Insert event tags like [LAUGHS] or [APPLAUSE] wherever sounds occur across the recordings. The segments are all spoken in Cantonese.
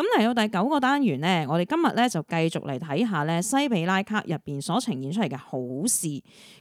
咁嚟到第九個單元呢，我哋今日咧就繼續嚟睇下咧西比拉卡入邊所呈現出嚟嘅好事。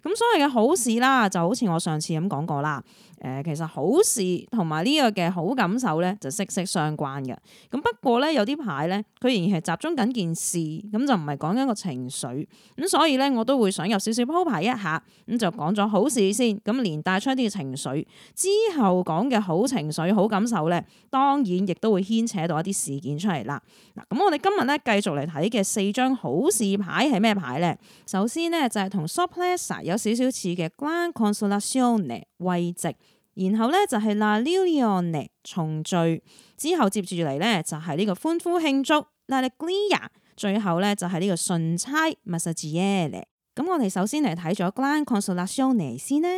咁所謂嘅好事啦，就好似我上次咁講過啦。誒、呃，其實好事同埋呢個嘅好感受咧，就息息相關嘅。咁不過咧，有啲牌咧，佢仍然係集中緊件事，咁就唔係講緊個情緒。咁所以咧，我都會想有少少鋪排一下，咁就講咗好事先，咁連帶出啲嘅情緒之後講嘅好情緒、好感受咧，當然亦都會牽扯到一啲事件出。係啦，嗱，咁我哋今日咧繼續嚟睇嘅四張好事牌係咩牌咧？首先咧就係、是、同 Soplessa 有少少似嘅 Glanconsolatione 慰藉，然後咧就係、是、La Lione 重聚，之後接住嚟咧就係、是、呢個歡呼慶祝、La、La Ligia，l 最後咧就係、是、呢個順差 Massigliere 咁我哋首先嚟睇咗 Glanconsolatione 先呢。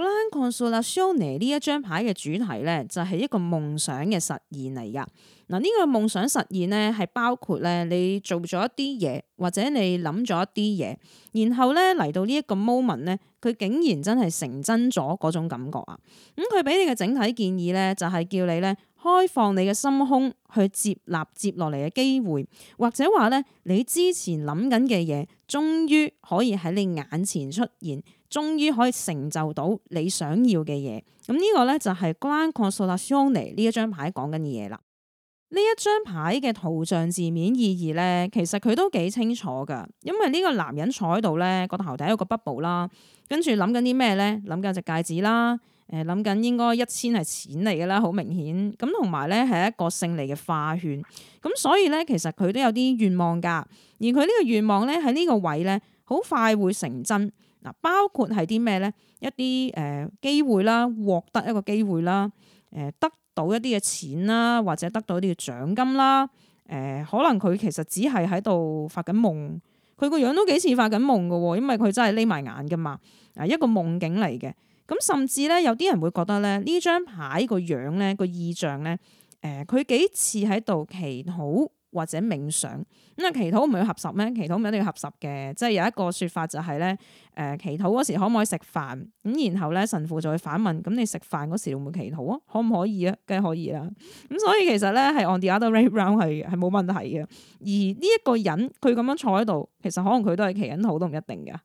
plan consultation 呢一張牌嘅主題呢，就係、是、一個夢想嘅實現嚟噶。嗱，呢個夢想實現呢，係包括咧你做咗一啲嘢，或者你諗咗一啲嘢，然後呢嚟到呢一個 moment 呢，佢竟然真係成真咗嗰種感覺啊！咁佢俾你嘅整體建議呢，就係、是、叫你呢，開放你嘅心胸去接納接落嚟嘅機會，或者話咧，你之前諗緊嘅嘢，終於可以喺你眼前出現，終於可以成就到你想要嘅嘢。咁、這、呢個咧就係關闊蘇達斯尼呢一張牌講緊嘅嘢啦。呢一張牌嘅圖像字面意義咧，其實佢都幾清楚噶，因為呢個男人坐喺度咧，個頭頂有個 bubble 啦，跟住諗緊啲咩咧？諗緊隻戒指啦。誒諗緊應該一千係錢嚟嘅啦，好明顯咁，同埋咧係一個勝利嘅化券。咁，所以咧其實佢都有啲願望㗎，而佢呢個願望咧喺呢個位咧好快會成真嗱，包括係啲咩咧？一啲誒、呃、機會啦，獲得一個機會啦，誒得到一啲嘅錢啦，或者得到一啲嘅獎金啦，誒、呃、可能佢其實只係喺度發緊夢，佢個樣都幾似發緊夢嘅喎，因為佢真係匿埋眼嘅嘛，啊一個夢境嚟嘅。咁甚至咧，有啲人會覺得咧，呢張牌個樣咧，個意象咧，誒、呃，佢幾似喺度祈禱或者冥想。咁啊，祈禱唔係要合十咩？祈禱唔一定要合十嘅。即係有一個説法就係、是、咧，誒、呃，祈禱嗰時可唔可以食飯？咁然後咧，神父就會反問：咁你食飯嗰時會唔會祈禱啊？可唔可以啊？梗係可以啦。咁所以其實咧，係 on the other way round 係係冇問題嘅。而呢一個人佢咁樣坐喺度，其實可能佢都係祈緊禱都唔一定噶。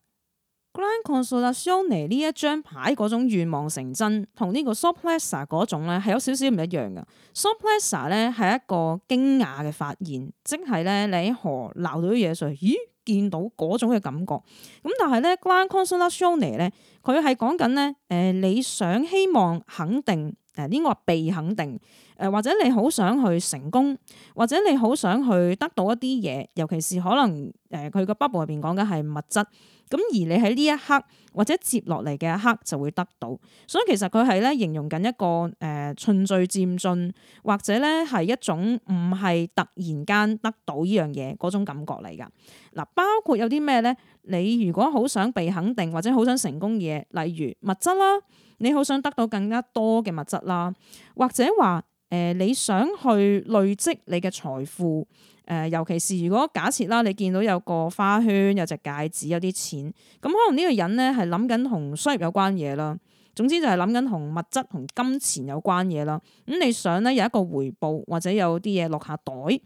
grand consultation 呢、e、一張牌嗰種願望成真，同呢個 surpresa 嗰種咧係有少少唔一樣嘅。surpresa 咧係一個驚訝嘅發現，即係咧，你何鬧到啲嘢碎，咦，見到嗰種嘅感覺。咁但係咧 grand consultation 咧，佢係講緊咧，誒你想希望肯定，誒、呃、應該話被肯定，誒、呃，或者你好想去成功，或者你好想去得到一啲嘢，尤其是可能誒佢、呃、個 bubble 入邊講緊係物質。咁而你喺呢一刻或者接落嚟嘅一刻就會得到，所以其實佢係咧形容緊一個誒、呃、循序漸進，或者咧係一種唔係突然間得到依樣嘢嗰種感覺嚟㗎。嗱，包括有啲咩咧？你如果好想被肯定或者好想成功嘅嘢，例如物質啦，你好想得到更加多嘅物質啦，或者話誒、呃、你想去累積你嘅財富。誒、呃，尤其是如果假設啦，你見到有個花圈、有隻戒指、有啲錢，咁、嗯、可能呢個人咧係諗緊同收入有關嘢啦。總之就係諗緊同物質、同金錢有關嘢啦。咁、嗯、你想咧有一個回報，或者有啲嘢落下袋。咁、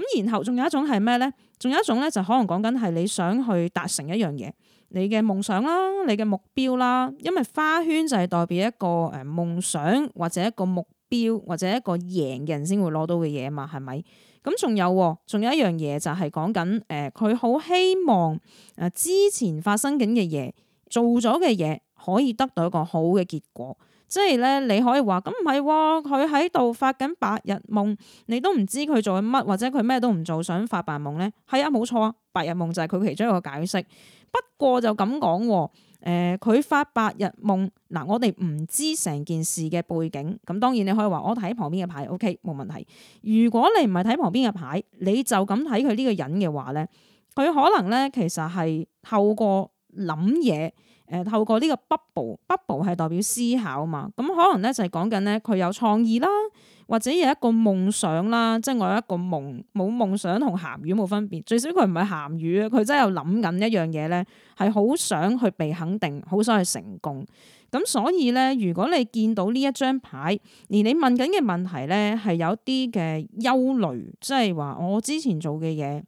嗯、然後仲有一種係咩咧？仲有一種咧就可能講緊係你想去達成一樣嘢，你嘅夢想啦，你嘅目標啦。因為花圈就係代表一個誒、呃、夢想或者一個目標或者一個贏嘅人先會攞到嘅嘢啊嘛，係咪？咁仲有喎，仲有一樣嘢就係講緊，誒、呃，佢好希望誒之前發生緊嘅嘢，做咗嘅嘢，可以得到一個好嘅結果。即係咧，你可以話，咁唔係喎，佢喺度發緊白日夢，你都唔知佢做緊乜，或者佢咩都唔做，想發白日夢咧。係啊，冇錯啊，白日夢就係佢其中一個解釋。不過就咁講喎。誒，佢、呃、發白日夢嗱，我哋唔知成件事嘅背景，咁當然你可以話我睇旁邊嘅牌，OK，冇問題。如果你唔係睇旁邊嘅牌，你就咁睇佢呢個人嘅話咧，佢可能咧其實係透過諗嘢，誒、呃，透過呢個 bubble，bubble 係代表思考嘛，咁可能咧就係講緊咧佢有創意啦。或者有一個夢想啦，即係我有一個夢，冇夢想同鹹魚冇分別。最少佢唔係鹹魚，佢真係有諗緊一樣嘢咧，係好想去被肯定，好想去成功。咁所以咧，如果你見到呢一張牌，而你問緊嘅問題咧，係有啲嘅憂慮，即係話我之前做嘅嘢。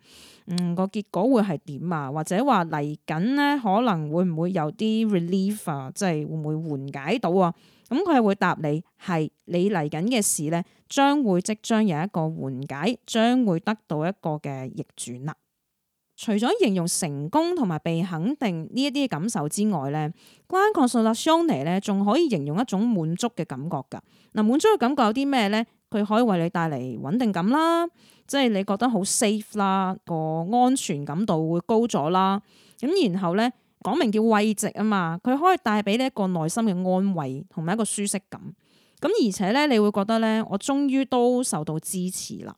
嗯，個結果會係點啊？或者話嚟緊咧，可能會唔會有啲 reliever，啊，即係會唔會緩解到啊？咁佢係會答你係你嚟緊嘅事咧，將會即將有一個緩解，將會得到一個嘅逆轉啦啊。除咗形容成功同埋被肯定呢一啲感受之外咧，congratulation 咧仲可以形容一種滿足嘅感覺㗎。嗱，滿足嘅感覺有啲咩咧？佢可以為你帶嚟穩定感啦，即係你覺得好 safe 啦，個安全感度會高咗啦。咁然後咧，講明叫慰藉啊嘛，佢可以帶俾你一個內心嘅安慰，同埋一個舒適感。咁而且咧，你會覺得咧，我終於都受到支持啦。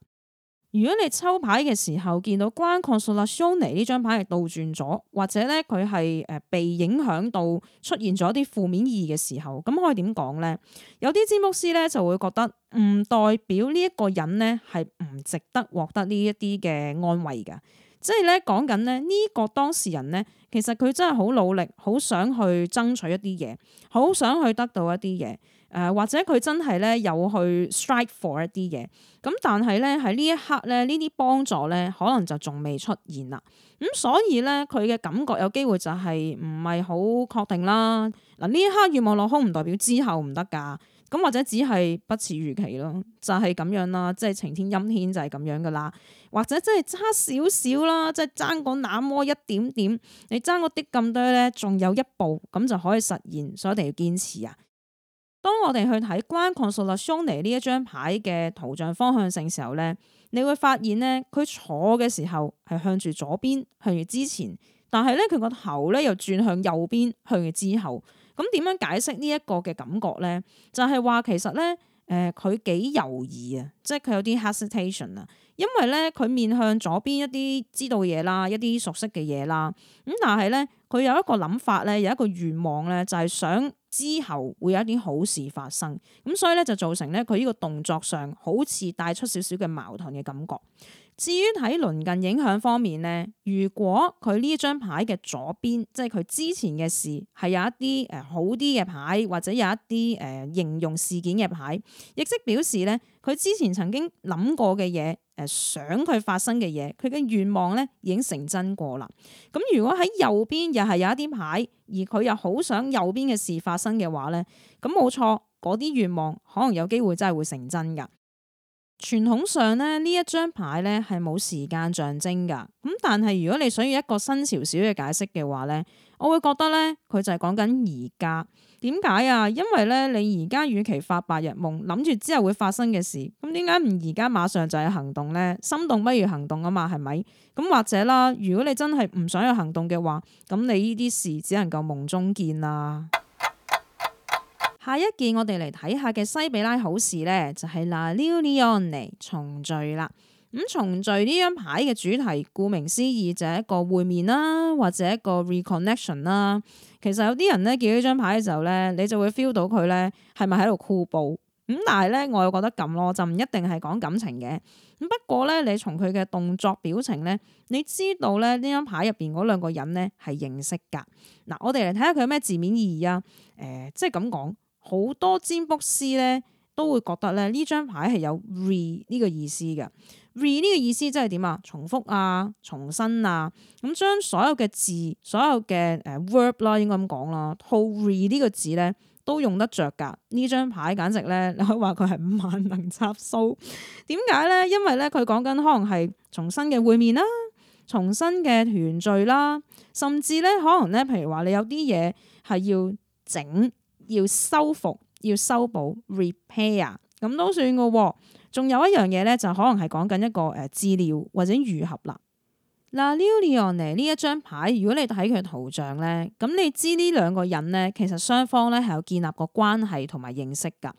如果你抽牌嘅時候見到關抗 o n s o n 呢張牌係倒轉咗，或者咧佢係誒被影響到出現咗啲負面意嘅時候，咁可以點講咧？有啲占卜師咧就會覺得唔代表呢一個人咧係唔值得獲得呢一啲嘅安慰嘅，即係咧講緊咧呢個當事人咧其實佢真係好努力，好想去爭取一啲嘢，好想去得到一啲嘢。誒、呃、或者佢真係咧有去 strike for 一啲嘢，咁但係咧喺呢一刻咧呢啲幫助咧可能就仲未出現啦。咁、嗯、所以咧佢嘅感覺有機會就係唔係好確定啦。嗱呢一刻願望落空唔代表之後唔得㗎。咁或者只係不似預期咯，就係、是、咁樣啦。即、就、係、是、晴天陰天就係咁樣噶啦。或者即係差少少啦，即係爭嗰那麼一點點，你爭嗰啲咁多咧，仲有一步咁就可以實現，所以一定要堅持啊！當我哋去睇關抗塑料雙尼呢一張牌嘅圖像方向性嘅時候咧，你會發現咧，佢坐嘅時候係向住左邊，向住之前，但係咧佢個頭咧又轉向右邊，向住之後。咁點樣解釋呢一個嘅感覺咧？就係話其實咧，誒佢幾猶豫啊，即係佢有啲 hesitation 啊，因為咧佢面向左邊一啲知道嘢啦，一啲熟悉嘅嘢啦，咁但係咧佢有一個諗法咧，有一個願望咧，就係想。之後會有一點好事發生，咁所以咧就造成咧佢呢個動作上好似帶出少少嘅矛盾嘅感覺。至於喺鄰近影響方面咧，如果佢呢張牌嘅左邊，即係佢之前嘅事，係有一啲誒好啲嘅牌，或者有一啲誒、呃、形容事件嘅牌，亦即表示咧，佢之前曾經諗過嘅嘢，誒想佢發生嘅嘢，佢嘅願望咧已經成真過啦。咁如果喺右邊又係有一啲牌，而佢又好想右邊嘅事發生嘅話咧，咁冇錯，嗰啲願望可能有機會真係會成真㗎。傳統上咧呢一張牌咧係冇時間象徵㗎，咁但係如果你想要一個新潮少嘅解釋嘅話咧，我會覺得咧佢就係講緊而家。點解啊？因為咧你而家與其發白日夢，諗住之後會發生嘅事，咁點解唔而家馬上就係行動咧？心動不如行動啊嘛，係咪？咁或者啦，如果你真係唔想要行動嘅話，咁你呢啲事只能夠夢中見啦。下一件我哋嚟睇下嘅西比拉好事咧，就係 La Riunione 重聚啦。咁、嗯、重聚呢張牌嘅主題，顧名思義就係一個會面啦，或者一個 reconnection 啦。其實有啲人咧見到呢張牌嘅時候咧，你就會 feel 到佢咧係咪喺度酷步咁？但係咧我又覺得咁咯，就唔一定係講感情嘅。咁不過咧，你從佢嘅動作表情咧，你知道咧呢張牌入邊嗰兩個人咧係認識噶。嗱，我哋嚟睇下佢有咩字面意義啊？誒、呃，即係咁講。好多占卜師咧都會覺得咧呢張牌係有 re 呢個意思嘅，re 呢個意思即係點啊？重複啊，重新啊，咁將所有嘅字，所有嘅誒 verb 啦、啊，應該咁講啦，套 re 呢個字咧都用得着噶。呢張牌簡直咧，你可以話佢係萬能插蘇。點解咧？因為咧佢講緊可能係重新嘅會面啦，重新嘅團聚啦，甚至咧可能咧，譬如話你有啲嘢係要整。要修復、要修補、repair 咁都算嘅喎。仲有一樣嘢咧，就可能係講緊一個誒治療或者愈合啦。嗱，Liliane 呢一張牌，如果你睇佢圖像咧，咁你知呢兩個人咧，其實雙方咧係有建立過關係同埋認識㗎。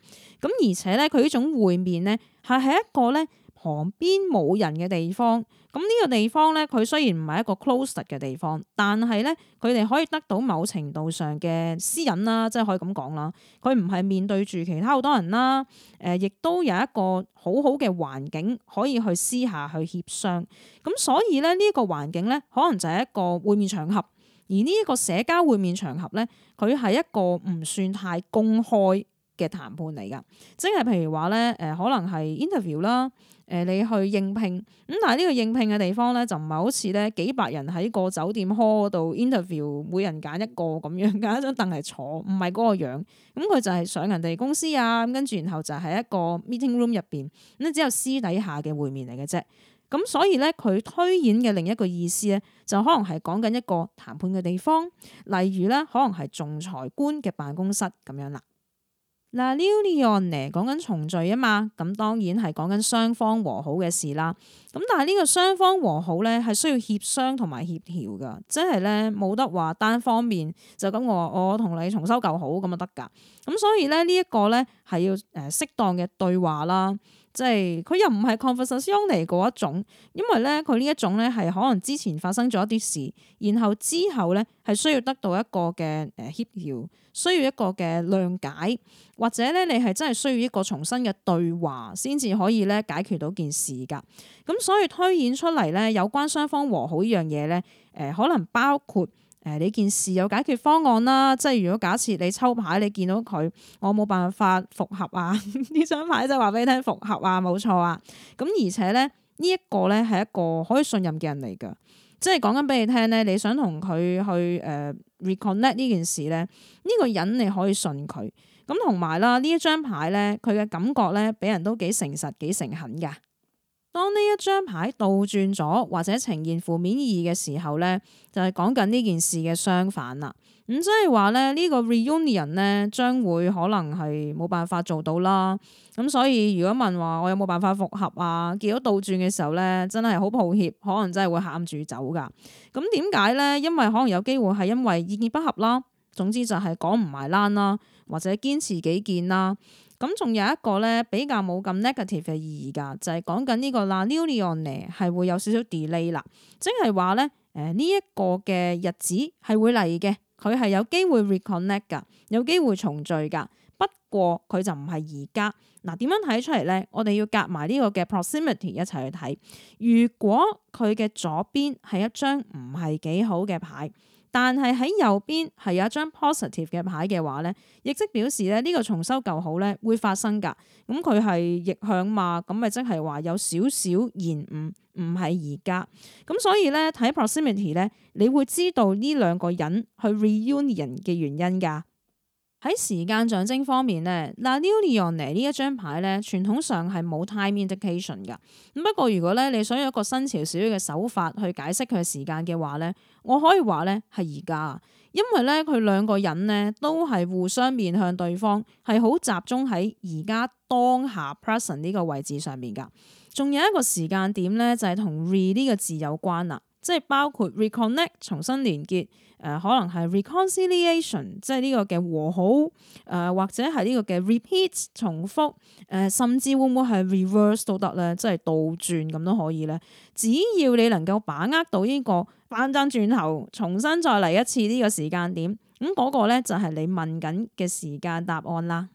咁而且咧，佢呢種會面咧，係喺一個咧，旁邊冇人嘅地方，咁、這、呢個地方咧，佢雖然唔係一個 closed 嘅地方，但係咧，佢哋可以得到某程度上嘅私隱啦，即係可以咁講啦。佢唔係面對住其他好多人啦，誒，亦都有一個好好嘅環境可以去私下去協商。咁所以咧，呢一個環境咧，可能就係一個會面場合，而呢一個社交會面場合咧，佢係一個唔算太公開嘅談判嚟㗎，即係譬如話咧，誒，可能係 interview 啦。誒、呃，你去應聘咁，但係呢個應聘嘅地方咧，就唔係好似咧幾百人喺個酒店 hall 度 interview，每人揀一個咁樣，揀張凳嚟坐，唔係嗰個樣。咁佢就係上人哋公司啊，咁跟住然後就喺一個 meeting room 入邊，咁只有私底下嘅會面嚟嘅啫。咁所以咧，佢推演嘅另一個意思咧，就可能係講緊一個談判嘅地方，例如咧，可能係仲裁官嘅辦公室咁樣啦。嗱 conciliation 講緊重聚啊嘛，咁當然係講緊雙方和好嘅事啦。咁但係呢個雙方和好咧，係需要協商同埋協調噶，即係咧冇得話單方面就咁我我同你重修舊好咁啊得㗎。咁所以咧呢一、這個咧係要誒適、呃、當嘅對話啦，即係佢又唔係 conversation 嗰一種，因為咧佢呢一種咧係可能之前發生咗一啲事，然後之後咧係需要得到一個嘅誒協調。呃需要一個嘅諒解，或者咧你係真係需要一個重新嘅對話，先至可以咧解決到件事㗎。咁、嗯、所以推演出嚟咧，有關雙方和好呢樣嘢咧，誒、呃、可能包括誒呢、呃、件事有解決方案啦。即係如果假設你抽牌，你見到佢，我冇辦法復合啊！呢 [LAUGHS] 張牌就係話俾你聽，復合啊，冇錯啊。咁、嗯、而且咧，這個、呢一個咧係一個可以信任嘅人嚟㗎。即係講緊俾你聽咧，你想同佢去誒 reconnect 呢件事咧，呢個人你可以信佢。咁同埋啦，呢一張牌咧，佢嘅感覺咧，俾人都幾誠實幾誠懇㗎。當呢一張牌倒轉咗或者呈現負面意義嘅時候咧，就係講緊呢件事嘅相反啦。咁即係話咧，呢、這個 reunion 咧，將會可能係冇辦法做到啦。咁、嗯、所以如果問話我有冇辦法復合啊，結果倒轉嘅時候咧，真係好抱歉，可能真係會喊住走噶。咁點解咧？因為可能有機會係因為意見不合啦。總之就係講唔埋欄啦，或者堅持己見啦。咁、嗯、仲有一個咧，比較冇咁 negative 嘅意義㗎，就係講緊呢個啦 reunion 咧係會有少少 delay 啦，即係話咧誒呢一、呃這個嘅日子係會嚟嘅。佢係有機會 reconnect 㗎，有機會重聚㗎。不過佢就唔係而家。嗱，點樣睇出嚟呢？我哋要夾埋呢個嘅 proximity 一齊去睇。如果佢嘅左邊係一張唔係幾好嘅牌。但係喺右邊係有一張 positive 嘅牌嘅話咧，亦即表示咧呢個重修舊好咧會發生㗎。咁佢係逆向嘛，咁咪即係話有少少延誤，唔係而家。咁所以咧睇 proximity 咧，pro ity，你會知道呢兩個人去 reunion 嘅原因㗎。喺時間象徵方面呢，嗱 New Yearly 呢一張牌呢，傳統上係冇 time indication 噶。咁不過如果咧你想有一個新潮少少嘅手法去解釋佢嘅時間嘅話呢，我可以話呢係而家，因為呢，佢兩個人呢都係互相面向對方，係好集中喺而家當下 present 呢個位置上面噶。仲有一個時間點呢，就係同 read 呢個字有關啦。即係包括 reconnect 重新連結，誒、呃、可能係 reconciliation 即係呢個嘅和好，誒、呃、或者係呢個嘅 repeat 重複，誒、呃、甚至會唔會係 reverse 都得咧，即係倒轉咁都可以咧。只要你能夠把握到呢、這個翻返轉頭，重新再嚟一次呢個時間點，咁、那、嗰個咧就係你問緊嘅時間答案啦。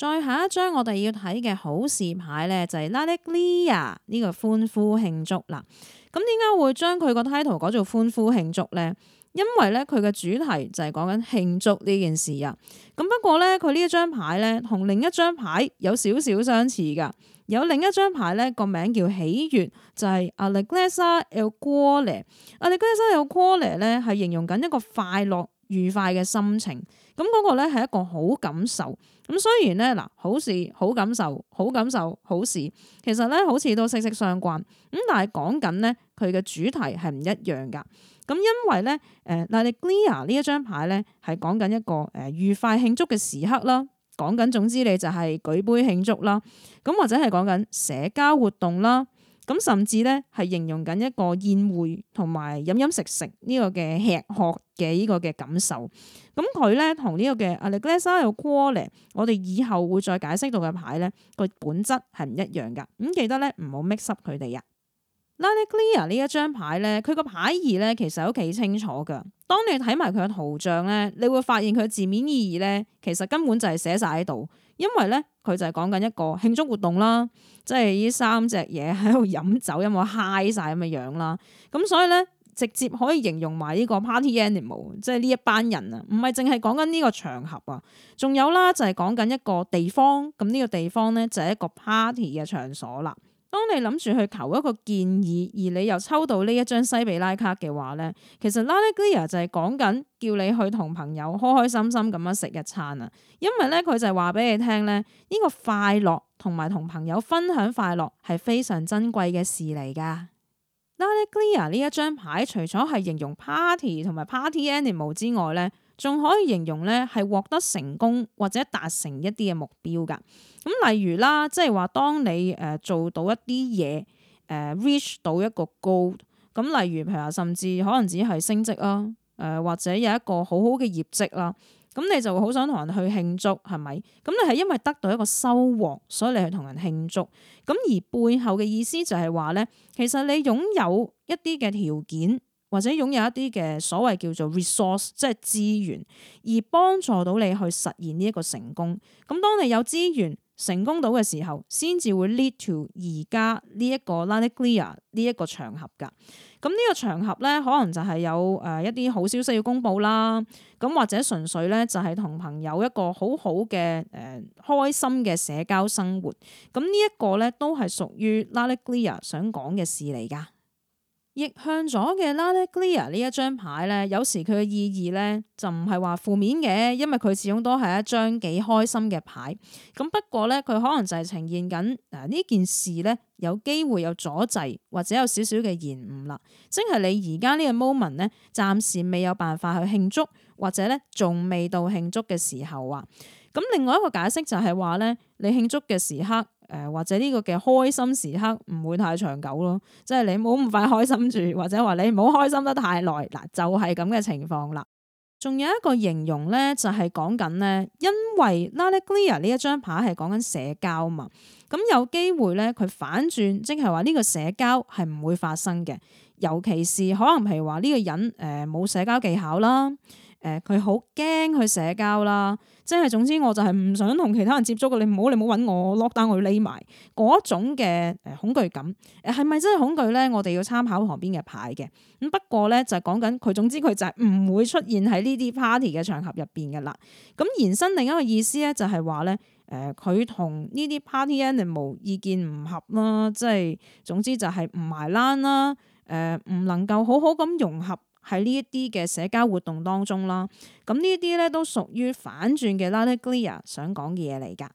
再下一張，我哋要睇嘅好事牌咧，就係、是、La Liclia 呢個歡呼慶祝嗱。咁點解會將佢個 title 改做歡呼慶祝咧？因為咧佢嘅主題就係講緊慶祝呢件事啊。咁不過咧，佢呢一張牌咧同另一張牌有少少相似噶。有另一張牌咧個名叫喜悅，就係阿 Licla El Cole。阿 Licla El Cole 咧係形容緊一個快樂愉快嘅心情。咁、那、嗰個咧係一個好感受。咁雖然咧，嗱，好事、好感受、好感受、好事，其實咧，好似都息息相關。咁但係講緊咧，佢嘅主題係唔一樣㗎。咁因為咧，誒，嗱，你 Glee 呢一張牌咧，係講緊一個誒愉快慶祝嘅時刻啦，講緊總之你就係舉杯慶祝啦，咁或者係講緊社交活動啦。咁甚至咧，係形容緊一個宴會同埋飲飲食食呢個嘅吃喝嘅呢個嘅感受。咁佢咧同呢個嘅 Alexa Doyle，我哋以後會再解釋到嘅牌咧，個本質係唔一樣噶。咁記得咧，唔好 mix up 佢哋呀。Alexa 呢一張牌咧，佢個牌義咧，其實都幾清楚噶。當你睇埋佢嘅圖像咧，你會發現佢嘅字面意義咧，其實根本就係寫晒喺度。因為咧，佢就係講緊一個慶祝活動啦，即係呢三隻嘢喺度飲酒，飲到嗨晒咁嘅樣啦，咁所以咧直接可以形容埋呢個 party animal，即係呢一班人啊，唔係淨係講緊呢個場合啊，仲有啦就係講緊一個地方，咁呢個地方咧就係一個 party 嘅場所啦。當你諗住去求一個建議，而你又抽到呢一張西比拉卡嘅話呢，其實 la la glea 就係講緊叫你去同朋友開開心心咁樣食一餐啊，因為呢，佢就係話俾你聽呢，呢個快樂同埋同朋友分享快樂係非常珍貴嘅事嚟噶。la la glea 呢一張牌除咗係形容 party 同埋 party animal 之外呢，仲可以形容咧，係獲得成功或者達成一啲嘅目標㗎。咁例如啦，即係話當你誒做到一啲嘢，誒 reach 到一個 goal，咁例如譬如話甚至可能只係升職啦，誒或者有一個好好嘅業績啦，咁你就會好想同人去慶祝，係咪？咁你係因為得到一個收穫，所以你去同人慶祝。咁而背後嘅意思就係話咧，其實你擁有一啲嘅條件。或者擁有一啲嘅所謂叫做 resource，即係資源，而幫助到你去實現呢一個成功。咁當你有資源成功到嘅時候，先至會 lead to 而家呢一個 lucky clear 呢一個場合㗎。咁呢個場合咧，可能就係有誒一啲好消息要公佈啦。咁或者純粹咧就係同朋友一個好好嘅誒開心嘅社交生活。咁呢一個咧都係屬於 lucky clear 想講嘅事嚟㗎。逆向咗嘅 Light Clear 呢一張牌咧，有時佢嘅意義咧就唔係話負面嘅，因為佢始終都係一張幾開心嘅牌。咁不過咧，佢可能就係呈現緊誒呢件事咧，有機會有阻滯或者有少少嘅延誤啦。即係你而家呢個 moment 咧，暫時未有辦法去慶祝，或者咧仲未到慶祝嘅時候啊。咁另外一個解釋就係話咧，你慶祝嘅時刻。誒，或者呢個嘅開心時刻唔會太長久咯，即係你唔好咁快開心住，或者話你唔好開心得太耐，嗱就係咁嘅情況啦。仲有一個形容咧，就係講緊咧，因為 Lucky Gloria 呢一張牌係講緊社交啊嘛，咁有機會咧佢反轉，即係話呢個社交係唔會發生嘅，尤其是可能譬如話呢個人誒冇、呃、社交技巧啦，誒佢好驚去社交啦。即係總之，我就係唔想同其他人接觸嘅。你唔好，你唔好揾我 lock down，我匿埋嗰種嘅誒恐懼感。誒係咪真係恐懼咧？我哋要參考旁邊嘅牌嘅。咁、嗯、不過咧，就係講緊佢。總之佢就係唔會出現喺呢啲 party 嘅場合入邊嘅啦。咁、嗯、延伸另一個意思咧，就係話咧，誒佢同呢啲 party animal 意見唔合啦。即係總之就係唔埋欄啦。誒、呃、唔能夠好好咁融合。喺呢一啲嘅社交活動當中啦，咁呢啲咧都屬於反轉嘅 Lattiglier 想講嘅嘢嚟噶。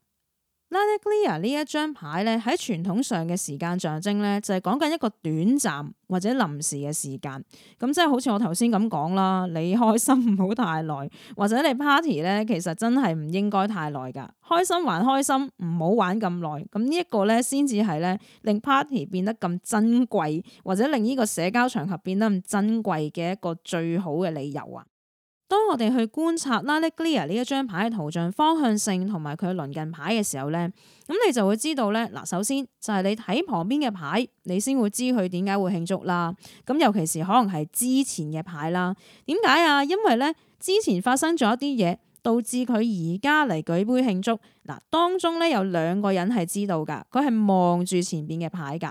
Lightning Clear 呢一張牌咧，喺傳統上嘅時間象徵咧，就係講緊一個短暫或者臨時嘅時間。咁即係好似我頭先咁講啦，你開心唔好太耐，或者你 party 咧，其實真係唔應該太耐噶。開心還開心，唔好玩咁耐。咁呢一個咧，先至係咧令 party 變得咁珍貴，或者令呢個社交場合變得咁珍貴嘅一個最好嘅理由啊！當我哋去觀察 l i clear 呢一張牌嘅圖像方向性同埋佢鄰近牌嘅時候咧，咁你就會知道咧，嗱首先就係你睇旁邊嘅牌，你先會知佢點解會慶祝啦。咁尤其是可能係之前嘅牌啦，點解啊？因為咧之前發生咗一啲嘢。導致佢而家嚟舉杯慶祝，嗱，當中咧有兩個人係知道噶，佢係望住前邊嘅牌噶，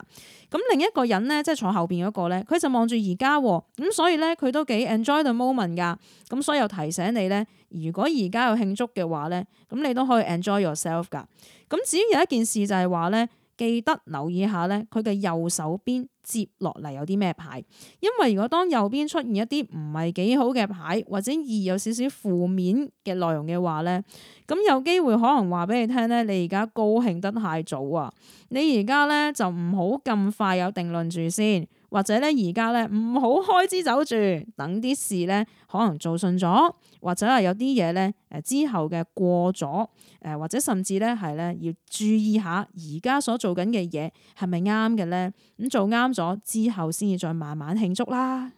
咁另一個人咧即係坐後邊嗰個咧，佢就望住而家，咁所以咧佢都幾 enjoy the moment 噶，咁所以又提醒你咧，如果而家有慶祝嘅話咧，咁你都可以 enjoy yourself 噶，咁至於有一件事就係話咧。記得留意下咧，佢嘅右手邊接落嚟有啲咩牌？因為如果當右邊出現一啲唔係幾好嘅牌，或者易有少少負面嘅內容嘅話咧，咁有機會可能話俾你聽咧，你而家高興得太早啊！你而家咧就唔好咁快有定論住先。或者咧，而家咧唔好開支走住，等啲事咧可能做順咗，或者係有啲嘢咧誒之後嘅過咗誒，或者甚至咧係咧要注意下而家所做緊嘅嘢係咪啱嘅咧？咁做啱咗之後，先至再慢慢慶祝啦。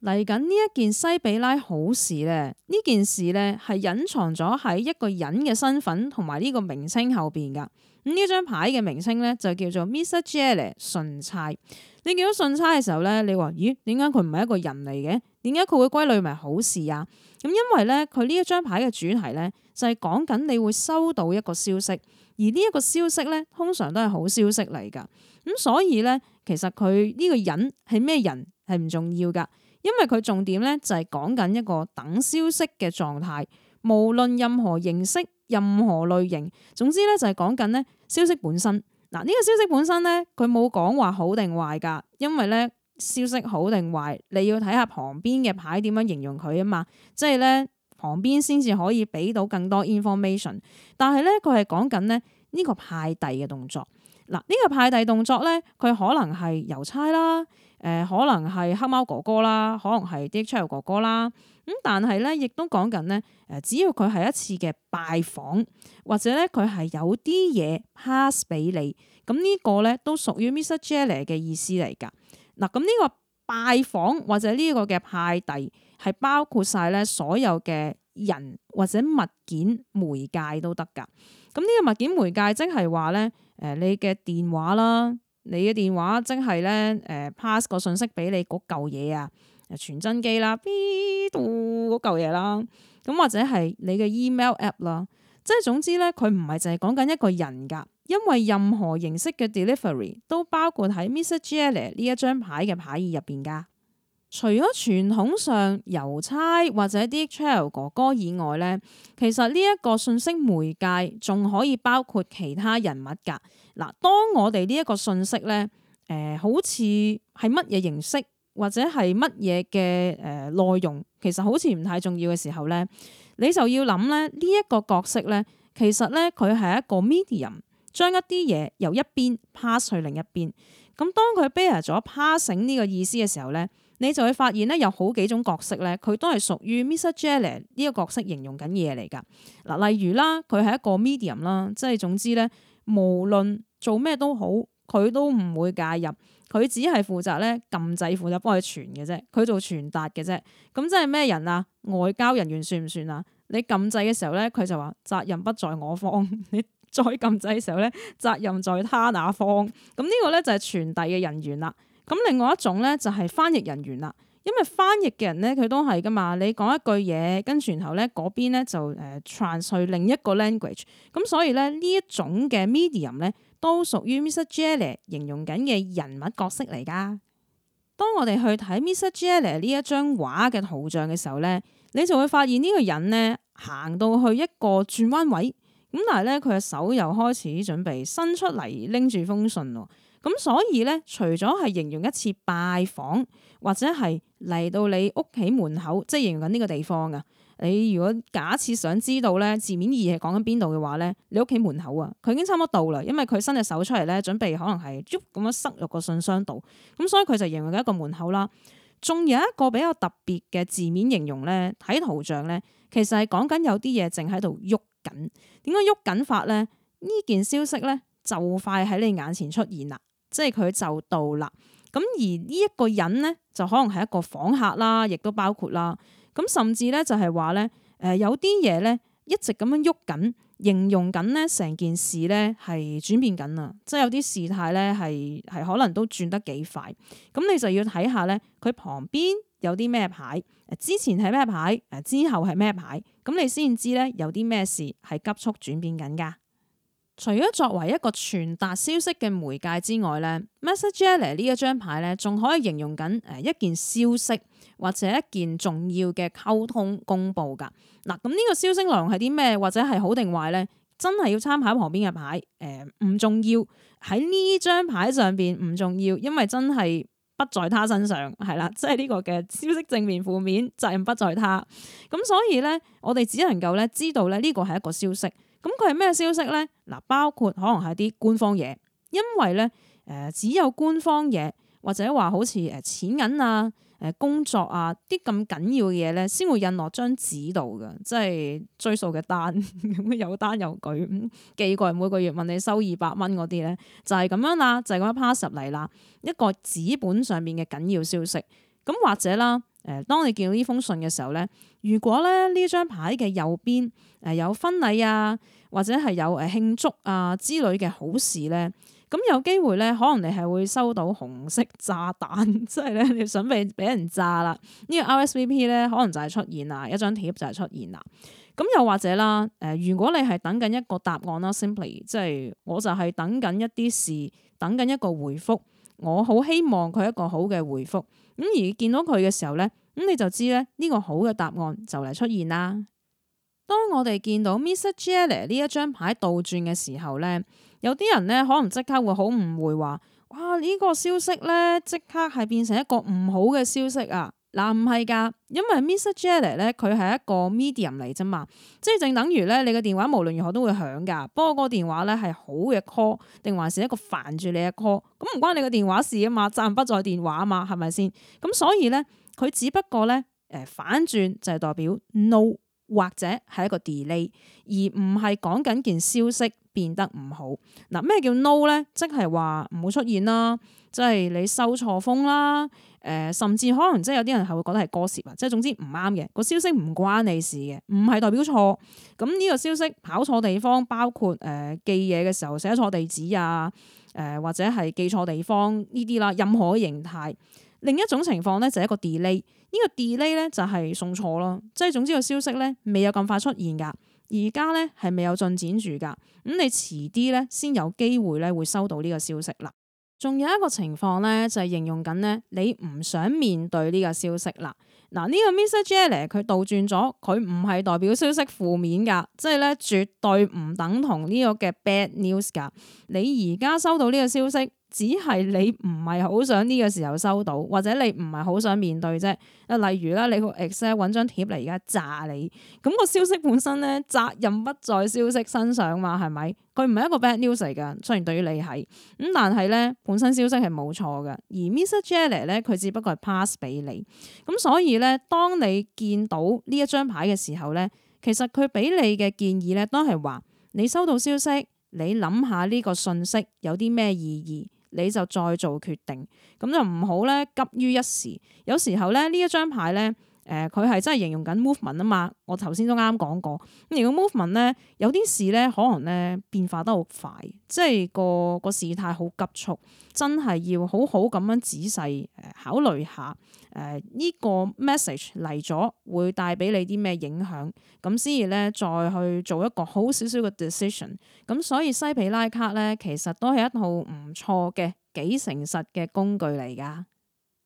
嚟緊呢一件西比拉好事咧，呢件事咧係隱藏咗喺一個人嘅身份同埋呢個名稱後邊噶。呢張牌嘅名稱咧就叫做 Mr. Jelly 信差。你見到信差嘅時候咧，你話咦，點解佢唔係一個人嚟嘅？點解佢會歸類為好事啊？咁因為咧，佢呢一張牌嘅主題咧就係講緊你會收到一個消息，而呢一個消息咧通常都係好消息嚟噶。咁所以咧，其實佢呢個人係咩人係唔重要噶，因為佢重點咧就係講緊一個等消息嘅狀態，無論任何形式、任何類型，總之咧就係講緊咧。消息本身嗱，呢個消息本身咧，佢冇講話好定壞噶，因為咧消息好定壞，你要睇下旁邊嘅牌點樣形容佢啊嘛，即係咧旁邊先至可以俾到更多 information，但係咧，佢係講緊咧呢個派遞嘅動作。嗱，呢個派遞動作咧，佢可能係郵差啦。誒、呃、可能係黑貓哥哥啦，可能係 DHL 哥哥啦。咁、嗯、但係咧，亦都講緊咧，誒只要佢係一次嘅拜訪，或者咧佢係有啲嘢 pass 俾你，咁、這個、呢個咧都屬於 Mr Jelly 嘅意思嚟㗎。嗱、嗯，咁、這、呢個拜訪或者呢個嘅派遞係包括晒咧所有嘅人或者物件媒介都得㗎。咁、嗯、呢、這個物件媒介即係話咧，誒、呃、你嘅電話啦。你嘅電話即係咧，誒、呃、pass 個信息俾你嗰嚿嘢啊，傳真機啦，B 到嗰嚿嘢啦，咁或者係你嘅 email app 啦，即係總之咧，佢唔係淨係講緊一個人㗎，因為任何形式嘅 delivery 都包括喺 Mr. Jelly 呢一張牌嘅牌意入邊㗎。除咗傳統上郵差或者啲 travel 哥哥以外咧，其實呢一個信息媒介仲可以包括其他人物噶嗱。當我哋呢一個信息咧，誒、呃，好似係乜嘢形式或者係乜嘢嘅誒內容，其實好似唔太重要嘅時候咧，你就要諗咧呢一、這個角色咧，其實咧佢係一個 medium，將一啲嘢由一邊 pass 去另一邊。咁當佢 bear 咗 passing 呢個意思嘅時候咧。你就會發現咧，有好幾種角色咧，佢都係屬於 Mr. Jelly 呢個角色形容緊嘢嚟㗎。嗱，例如啦，佢係一個 medium 啦，即係總之咧，無論做咩都好，佢都唔會介入，佢只係負責咧撳掣，負責幫佢傳嘅啫，佢做傳達嘅啫。咁即係咩人啊？外交人員算唔算啊？你撳掣嘅時候咧，佢就話責任不在我方；你 [LAUGHS] 再撳掣嘅時候咧，責任在他那方。咁、這、呢個咧就係傳遞嘅人員啦。咁另外一種咧就係翻譯人員啦，因為翻譯嘅人咧佢都係噶嘛，你講一句嘢，跟住然後咧嗰邊咧就誒 translate 另一個 language，咁所以咧呢一種嘅 medium 咧都屬於 Mr Jelly 形容緊嘅人物角色嚟噶。當我哋去睇 Mr Jelly 呢一張畫嘅圖像嘅時候咧，你就會發現呢個人咧行到去一個轉彎位，咁但係咧佢嘅手又開始準備伸出嚟拎住封信喎。咁所以咧，除咗係形容一次拜訪，或者係嚟到你屋企門口，即係形容緊呢個地方㗎。你如果假設想知道咧字面意義係講緊邊度嘅話咧，你屋企門口啊，佢已經差唔多到啦，因為佢伸隻手出嚟咧，準備可能係喐咁樣塞入個信箱度。咁所以佢就形容緊一個門口啦。仲有一個比較特別嘅字面形容咧，睇圖像咧，其實係講緊有啲嘢正喺度喐緊。點解喐緊法咧？呢件消息咧就快喺你眼前出現啦。即係佢就到啦，咁而呢一個人咧，就可能係一個訪客啦，亦都包括啦，咁甚至咧就係話咧，誒有啲嘢，咧一直咁樣喐緊，形容緊咧成件事咧係轉變緊啊，即係有啲事態咧係，係可能都轉得幾快，咁你就要睇下咧，佢旁邊有啲咩牌，之前係咩牌，誒之後係咩牌，咁你先知咧有啲咩事係急速轉變緊噶除咗作為一個傳達消息嘅媒介之外咧，message 嚟呢一張牌咧，仲可以形容緊誒一件消息或者一件重要嘅溝通公布噶。嗱，咁呢個消息內容係啲咩？或者係好定壞咧？真係要參考旁邊嘅牌。誒、呃，唔重要喺呢張牌上邊唔重要，因為真係不在他身上。係啦，即係呢個嘅消息正面負面，責任不在他。咁所以咧，我哋只能夠咧知道咧呢個係一個消息。咁佢係咩消息咧？嗱，包括可能係啲官方嘢，因為咧，誒、呃、只有官方嘢或者話好似誒錢銀啊、誒、呃、工作啊啲咁緊要嘅嘢咧，先會印落張紙度㗎，即係追數嘅單，咁 [LAUGHS] 有單有據，咁寄過嚟每個月問你收二百蚊嗰啲咧，就係、是、咁樣啦，就係咁 pass 入嚟啦，一個紙本上邊嘅緊要消息，咁或者啦。誒，當你見到呢封信嘅時候咧，如果咧呢張牌嘅右邊誒有婚禮啊，或者係有誒慶祝啊之類嘅好事咧，咁有機會咧，可能你係會收到紅色炸彈，即係咧你要準備俾人炸啦。呢、這個 RSVP 咧，可能就係出現啦，一張貼就係出現啦。咁又或者啦，誒、呃，如果你係等緊一個答案啦，Simply 即係我就係等緊一啲事，等緊一個回覆，我好希望佢一個好嘅回覆咁而見到佢嘅時候咧，咁你就知咧呢個好嘅答案就嚟出現啦。當我哋見到 Mr. Jelly 呢一張牌倒轉嘅時候咧，有啲人咧可能即刻會好誤會話，哇！呢個消息咧即刻係變成一個唔好嘅消息啊！嗱唔係噶因為 Mr Jelly 咧佢係一個 medium 嚟啫嘛，即係正等於咧你個電話無論如何都會響噶不過個電話咧係好嘅 call，定還是一個煩住你嘅 call，咁、嗯、唔關你個電話事啊嘛，責任不在電話啊嘛，係咪先？咁、嗯、所以咧佢只不過咧誒、呃、反轉就係代表 no 或者係一個 delay，而唔係講緊件消息變得唔好。嗱、啊、咩叫 no 咧？即係話唔會出現啦。即係，你收錯風啦，誒、呃，甚至可能即係有啲人係會覺得係過蝕，即係總之唔啱嘅個消息唔關你事嘅，唔係代表錯。咁呢個消息跑錯地方，包括誒寄嘢嘅時候寫錯地址啊，誒、呃、或者係寄錯地方呢啲啦，任何形態。另一種情況咧就係一個 delay，呢、呢個 delay 咧就係送錯咯，即係總之個消息咧未有咁快出現㗎，而家咧係未有進展住㗎，咁你遲啲咧先有機會咧會收到呢個消息啦。仲有一個情況咧，就係、是、形容緊咧，你唔想面對呢個消息啦。嗱，呢個 Mr. Jelly 佢倒轉咗，佢唔係代表消息負面噶，即係咧絕對唔等同呢個嘅 bad news 噶。你而家收到呢個消息。只係你唔係好想呢個時候收到，或者你唔係好想面對啫。啊，例如啦，你個 Excel 揾張貼嚟而家炸你，咁、那個消息本身咧，責任不在消息身上嘛，係咪？佢唔係一個 bad news 嚟噶，雖然對於你係，咁但係咧，本身消息係冇錯噶。而 Mr Jelly 咧，佢只不過係 pass 俾你。咁所以咧，當你見到呢一張牌嘅時候咧，其實佢俾你嘅建議咧，都係話你收到消息，你諗下呢個信息有啲咩意義。你就再做決定，咁就唔好咧急於一時。有時候咧，呢一張牌咧。誒佢係真係形容緊 movement 啊嘛，我頭先都啱講過，咁如果 movement 咧，有啲事咧可能咧變化得好快，即係個個事態好急促，真係要好好咁樣仔細誒考慮下誒呢個 message 嚟咗會帶俾你啲咩影響，咁先至咧再去做一個好少少嘅 decision。咁所以西皮拉卡咧其實都係一套唔錯嘅幾誠實嘅工具嚟噶。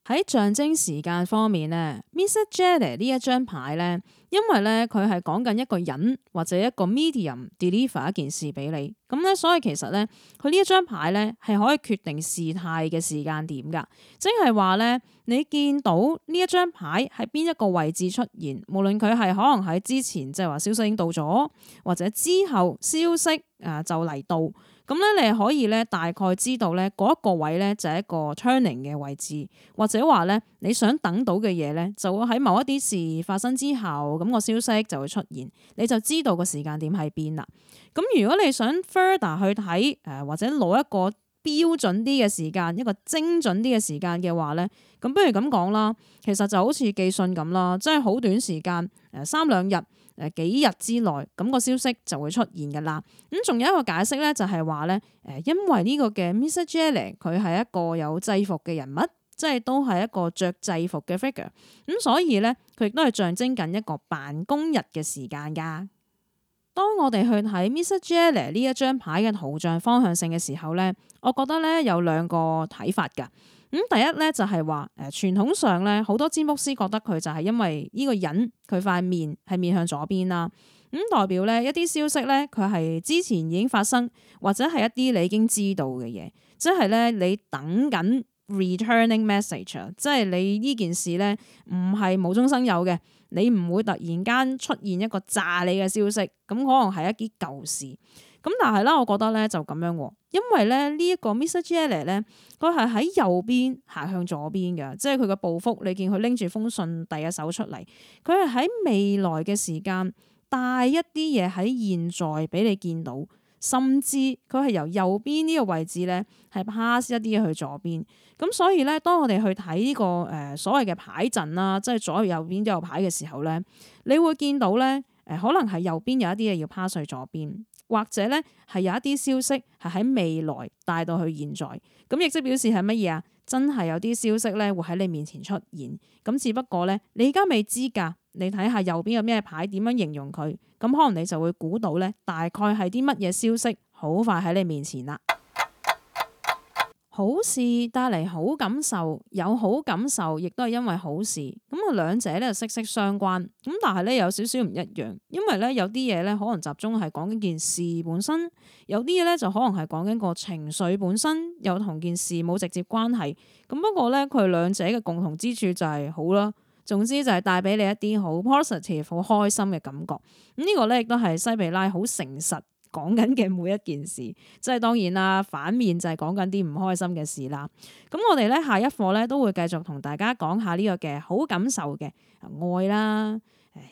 喺象徵時間方面咧，Mr. Jelly 呢一張牌咧，因為咧佢係講緊一個人或者一個 medium deliver 一件事俾你，咁咧，所以其實咧，佢呢一張牌咧係可以決定事態嘅時間點噶，即係話咧，你見到呢一張牌喺邊一個位置出現，無論佢係可能喺之前，即係話消息已經到咗，或者之後消息啊、呃、就嚟到。咁咧，你可以咧大概知道咧嗰一個位咧就係一個 turning 嘅位置，或者話咧你想等到嘅嘢咧就會喺某一啲事發生之後，咁個消息就會出現，你就知道個時間點喺邊啦。咁如果你想 further 去睇誒、呃，或者攞一個標準啲嘅時間，一個精準啲嘅時間嘅話咧，咁不如咁講啦，其實就好似寄信咁啦，即係好短時間誒三兩日。誒，幾日之內咁，那個消息就會出現噶啦。咁仲有一個解釋咧，就係話咧，誒，因為呢個嘅 Mr. Jelly 佢係一個有制服嘅人物，即係都係一個着制服嘅 figure 咁，所以咧佢亦都係象徵緊一個辦公日嘅時間噶。當我哋去睇 Mr. Jelly 呢一張牌嘅圖像方向性嘅時候咧，我覺得咧有兩個睇法噶咁第一咧就係話，誒傳統上咧，好多占卜師覺得佢就係因為呢個人佢塊面係面向左邊啦，咁代表咧一啲消息咧佢係之前已經發生，或者係一啲你已經知道嘅嘢，即係咧你等緊 returning message，即係你呢件事咧唔係無中生有嘅，你唔會突然間出現一個炸你嘅消息，咁可能係一啲舊事。咁但係啦，我覺得咧就咁樣，因為咧呢一個 Mr. Jelly 咧，佢係喺右邊行向左邊嘅，即係佢嘅步幅。你見佢拎住封信第一手出嚟，佢係喺未來嘅時間帶一啲嘢喺現在俾你見到，甚至佢係由右邊呢個位置咧係 pass 一啲嘢去左邊。咁所以咧，當我哋去睇呢個誒所謂嘅牌陣啦，即係左邊右邊都有牌嘅時候咧，你會見到咧誒，可能係右邊有一啲嘢要 pass 去左邊。或者咧係有一啲消息係喺未來帶到去現在，咁亦即表示係乜嘢啊？真係有啲消息咧會喺你面前出現，咁只不過咧你而家未知噶，你睇下右邊有咩牌，點樣形容佢，咁可能你就會估到咧大概係啲乜嘢消息好快喺你面前啦。好事帶嚟好感受，有好感受亦都係因為好事，咁啊兩者咧息息相關，咁但係咧有少少唔一樣，因為咧有啲嘢咧可能集中係講緊件事本身，有啲嘢咧就可能係講緊個情緒本身，又同件事冇直接關係，咁不過咧佢兩者嘅共同之處就係好啦，總之就係帶俾你一啲好 positive 好開心嘅感覺，咁、這、呢個咧亦都係西比拉好誠實。講緊嘅每一件事，即係當然啦，反面就係講緊啲唔開心嘅事啦。咁我哋咧，下一課咧，都會繼續同大家講下呢個嘅好感受嘅愛啦、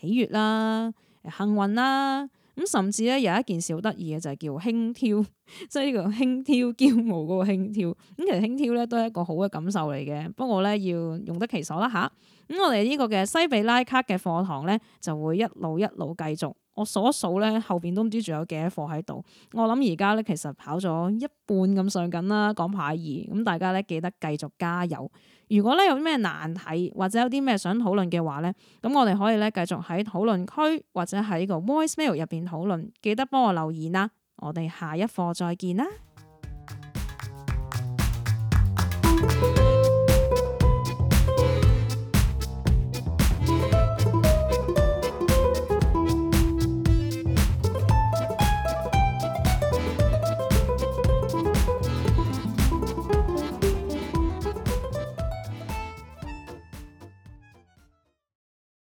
喜悅啦、幸運啦。咁甚至咧，有一件事好得意嘅，就係、是、叫輕佻，即係呢個輕佻，驕傲個輕佻。咁其實輕佻咧都係一個好嘅感受嚟嘅，不過咧要用得其所啦吓。咁、啊、我哋呢個嘅西比拉卡嘅課堂咧就會一路一路繼續。我數一數咧後邊都唔知仲有幾多課喺度。我諗而家咧其實跑咗一半咁上緊啦，講牌二。咁大家咧記得繼續加油。如果咧有啲咩難題或者有啲咩想討論嘅話咧，咁我哋可以咧繼續喺討論區或者喺個 Voicemail 入邊討論，記得幫我留言啦。我哋下一課再見啦。